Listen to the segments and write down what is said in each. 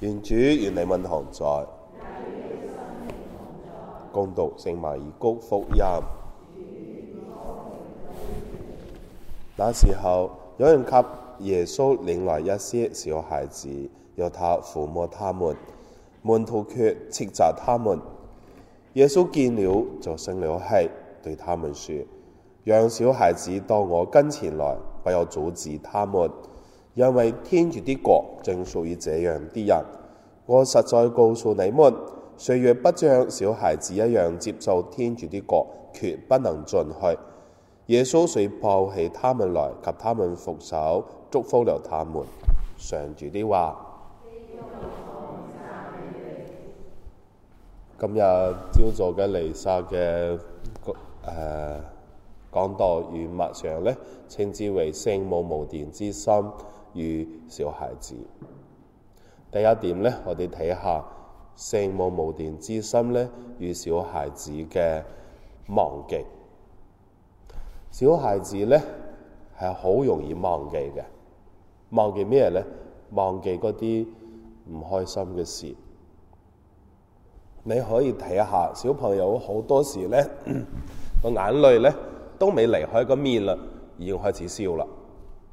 原主原嚟問堂在，在，恭讀聖馬爾谷福音。那時候有人給耶穌領來一些小孩子，讓他撫摸他們，門徒卻斥責他們。耶穌見了就生了氣，對他們說：讓小孩子到我跟前來，不要阻止他們。因為天主的國正屬於這樣啲人，我實在告訴你們：誰若不像小孩子一樣接受天主啲國，決不能進去。耶穌遂抱起他們來，給他們覆手，祝福了他們。上主的話：今日朝早嘅彌撒嘅誒講道與默想咧，稱之為聖母無玷之心。與小孩子，第一點咧，我哋睇下聖母無玷之心咧，與小孩子嘅忘記。小孩子咧係好容易忘記嘅，忘記咩咧？忘記嗰啲唔開心嘅事。你可以睇下小朋友好多時咧個眼淚咧都未離開個面啦，已經開始笑啦。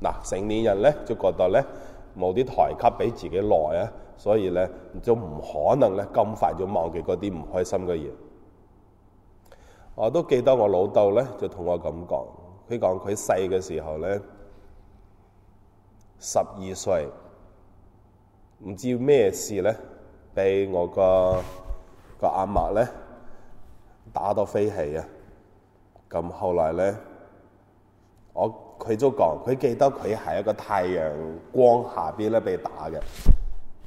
嗱，成年人咧就覺得咧冇啲台階俾自己耐啊，所以咧就唔可能咧咁快就忘記嗰啲唔開心嘅嘢。我都記得我老豆咧就同我咁講，佢講佢細嘅時候咧，十二歲唔知咩事咧，俾我個個阿嫲咧打到飛起啊！咁後來咧我。佢都講，佢記得佢喺一個太陽光下邊咧被打嘅，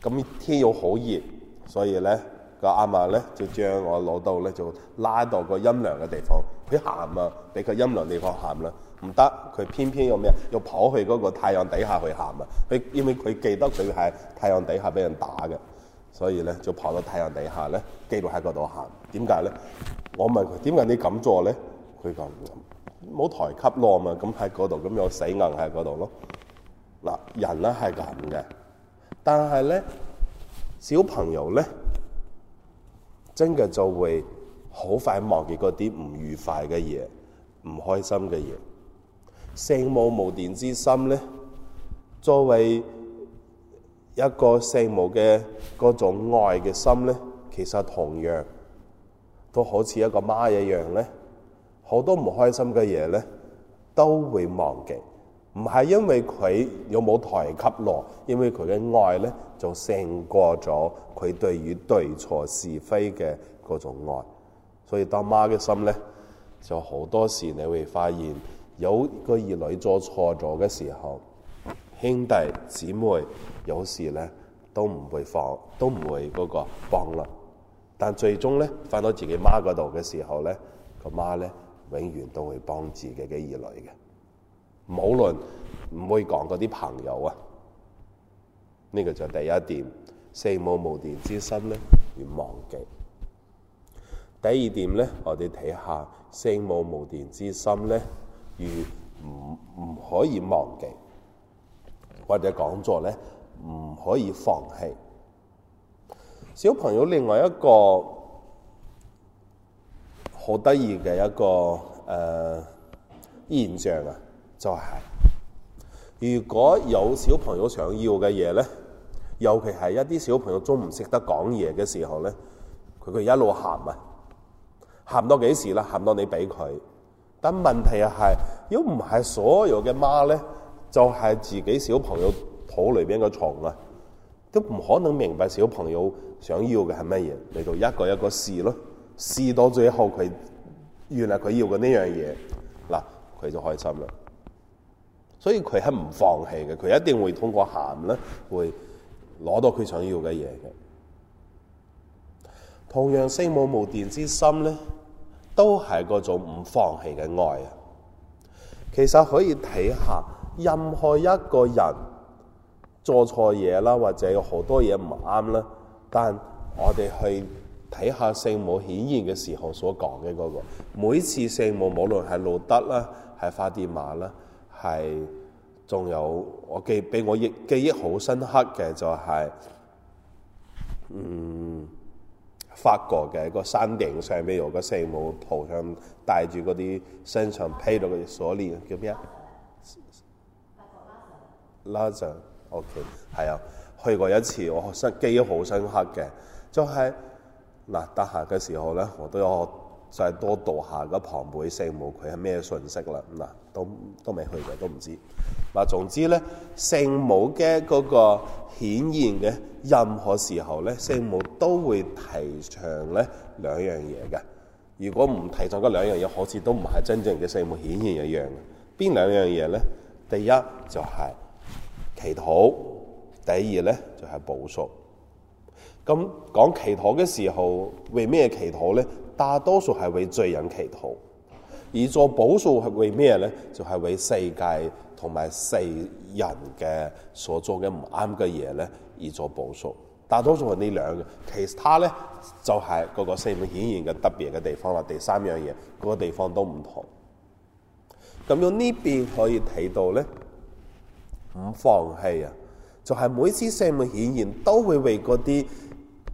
咁天要好熱，所以咧個阿嫲咧就將我攞到咧就拉到個陰涼嘅地方，佢喊啊，俾個陰涼地方喊啦、啊，唔得，佢偏偏要咩要跑去嗰個太陽底下去喊啊！佢因為佢記得佢喺太陽底下俾人打嘅，所以咧就跑到太陽底下咧，繼續喺嗰度喊。點解咧？我問佢點解你咁做咧？佢就。冇抬級浪嘛，咁喺嗰度，咁又死硬喺嗰度咯。嗱，人咧係咁嘅，但係咧小朋友咧，真嘅就會好快忘記嗰啲唔愉快嘅嘢，唔開心嘅嘢。聖母無玷之心咧，作為一個聖母嘅嗰種愛嘅心咧，其實同樣都好似一個媽一樣咧。好多唔開心嘅嘢呢，都會忘記，唔係因為佢有冇台級落，因為佢嘅愛呢，就勝過咗佢對於對錯是非嘅嗰種愛。所以當媽嘅心呢，就好多時你會發現有個兒女做錯咗嘅時候，兄弟姊妹有時呢，都唔會放，都唔會嗰個幫啦。但最終呢，返到自己媽嗰度嘅時候呢，個媽呢。永遠都會幫自己嘅兒女嘅，好論唔會講嗰啲朋友啊，呢個就第一點。聖母無玷之心咧，要忘記。第二點咧，我哋睇下聖母無玷之心咧，如唔唔可以忘記，或者講座咧，唔可以放棄。小朋友另外一個好得意嘅一個誒、呃、現象啊，就係、是、如果有小朋友想要嘅嘢咧，尤其係一啲小朋友都唔識得講嘢嘅時候咧，佢佢一路喊啊，喊到幾時啦？喊到你俾佢，但問題又係，如果唔係所有嘅媽咧，就係、是、自己小朋友肚裏邊嘅蟲啊，都唔可能明白小朋友想要嘅係乜嘢嚟到一個一個試咯。試到最後，佢原來佢要嘅呢樣嘢，嗱，佢就開心啦。所以佢係唔放棄嘅，佢一定會通過喊咧，會攞到佢想要嘅嘢嘅。同樣，聖母無玷之心咧，都係嗰種唔放棄嘅愛啊。其實可以睇下，任何一個人做錯嘢啦，或者有好多嘢唔啱啦，但我哋去。睇下聖母顯現嘅時候所講嘅嗰個，每次聖母，無論係路德啦，係法蒂瑪啦，係仲有我記俾我憶記憶好深刻嘅就係、是、嗯，法國嘅一個山頂上邊有個聖母圖像，戴住嗰啲身上披咗嘅鎖鏈叫咩啊？拉長，啊啊啊啊啊、OK 係啊，去過一次，我深記憶好深刻嘅就係、是。嗱，得閒嘅時候咧，我都有再多讀下個龐貝聖母佢係咩信息啦。嗱，都都未去過，都唔知。嗱，總之咧，聖母嘅嗰個顯現嘅任何時候咧，聖母都會提倡咧兩樣嘢嘅。如果唔提倡嗰兩樣嘢，好似都唔係真正嘅聖母顯現一樣。邊兩樣嘢咧？第一就係祈禱，第二咧就係補贖。咁講祈禱嘅時候，為咩祈禱咧？大多數係為罪人祈禱，而做補數係為咩咧？就係、是、為世界同埋世人嘅所做嘅唔啱嘅嘢咧而做補數。大多數係呢兩個，其他咧就係、是、個個聖母顯現嘅特別嘅地方啦。第三樣嘢，個地方都唔同。咁樣呢邊可以睇到咧，唔放棄啊！就係、是、每次聖母顯現都會為嗰啲，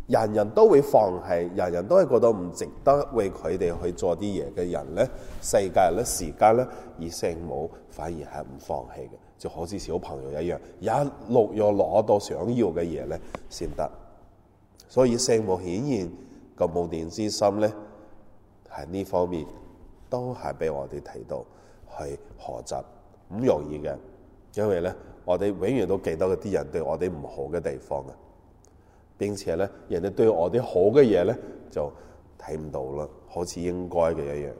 人人都會放棄，人人都係覺得唔值得為佢哋去做啲嘢嘅人咧，世界咧、時間咧，而聖母反而係唔放棄嘅，就好似小朋友一樣，一路要攞到想要嘅嘢咧先得。所以聖母顯然個無玷之心咧，喺呢方面都係俾我哋睇到去學習，唔容易嘅，因為咧我哋永遠都記得嗰啲人對我哋唔好嘅地方啊。並且咧，人哋對我啲好嘅嘢咧，就睇唔到啦，好似應該嘅一樣。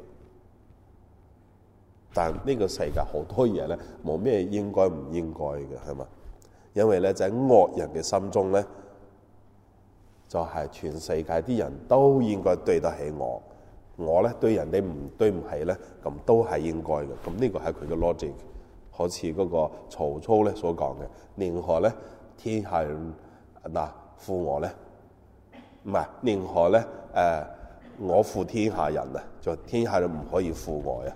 但呢個世界好多嘢咧，冇咩應該唔應該嘅，係嘛？因為咧，喺、就是、惡人嘅心中咧，就係、是、全世界啲人都應該對得起我，我咧對人哋唔對唔起咧，咁都係應該嘅。咁呢個係佢嘅 logic，好似嗰個曹操咧所講嘅，寧可咧天下人嗱，啊負我咧，唔係，寧可咧，誒、呃，我負天下人啊，就天下都唔可以負我啊，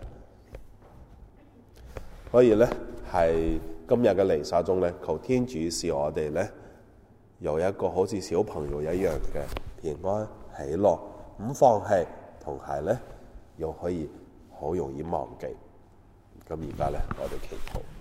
所以咧，係今日嘅彌撒中咧，求天主使我哋咧有一個好似小朋友一樣嘅平安喜樂，唔放棄，同係咧又可以好容易忘記，咁而家咧，我哋祈禱。